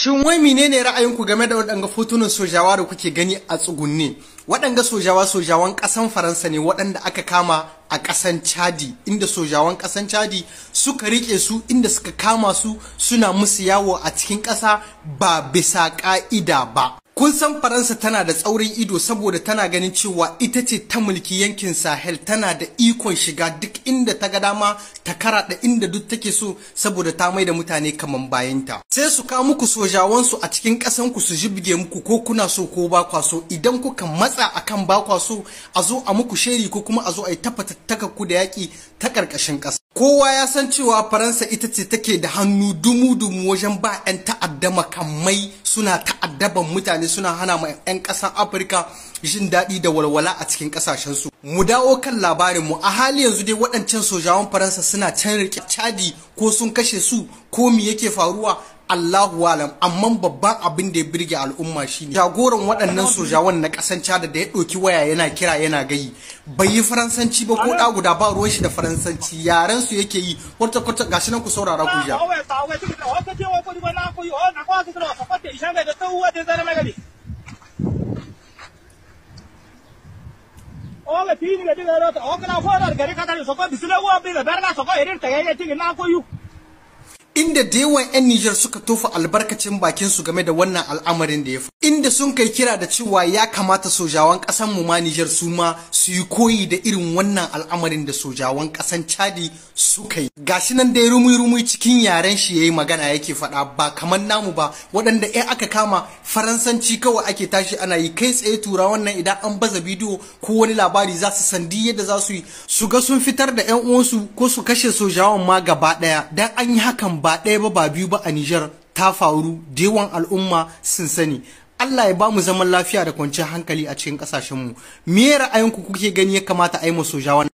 Shin wai menene ra'ayinku game da waɗanga fotunan sojawa da kuke gani a tsugunne? Waɗanga sojawa sojawan ƙasan Faransa ne waɗanda aka kama a ƙasan Chadi, inda sojawan ƙasan Chadi suka riƙe su inda suka kama su suna musu yawo a cikin ƙasa ba bisa ƙa'ida ba. Kun san Faransa tana da tsaurin ido saboda tana ganin cewa ita ce ta mulki yankin Sahel tana da ikon shiga duk inda ta ga dama ta kara da inda duk take so saboda ta mai da mutane kaman bayanta. Sai su ka muku sojawansu a cikin ƙasan ku su jibge muku ko kuna so ko ba kwa so idan kuka matsa akan ba kwa so a zo a muku sheri ko kuma a zo a yi tafatattaka ku da yaki ta ƙarƙashin ƙasa. kowa ya san cewa faransa ita ce take da hannu dumu-dumu wajen ba 'yan ta'adda makamai suna ta'addaban mutane suna hana ma 'yan ƙasar afirka jin daɗi da walwala a cikin ƙasashensu mu dawo kan labarinmu a hali yanzu dai waɗancan sojawan faransa suna can rike cadi ko sun kashe su ko me yake faruwa Allahu alam amma babban abin da ya birge al'umma shine jagoran waɗannan sojawan na ƙasan da ya ɗauki waya yana kira yana gayi bai yi faransanci ba ko da guda ba ruwan shi da faransanci yaran su yake yi kwata kwata gashi nan ku saurara ku ja Oga tini ga diga rota, oga na fora gari kakari soko bisile wa bi da berna soko irin tagaye tigi na koyu. inda da yawan 'yan Nijar suka tofa albarkacin bakinsu game da wannan al'amarin da ya faru. Inda sun kai kira da cewa ya kamata sojawan ƙasan mu ma Nijar su ma su yi koyi da irin wannan al'amarin da sojawan ƙasan Chadi suka yi. Gashi nan dai rumi-rumi cikin yaren shi yayi magana yake faɗa ba kamar namu ba waɗanda in aka kama faransanci kawai ake tashi ana yi kai tsaye tura wannan idan an baza bidiyo ko wani labari za su sandi yadda za su yi su ga sun fitar da 'yan uwansu ko su kashe sojawan ma gaba ɗaya dan an yi hakan ba ba ɗaya ba ba biyu ba a Nijar ta faru da yawan al'umma sun sani Allah ya ba mu zaman lafiya da kwanciyar hankali a cikin ƙasashenmu. Me ra'ayinku kuke gani ya kamata a yi masojawa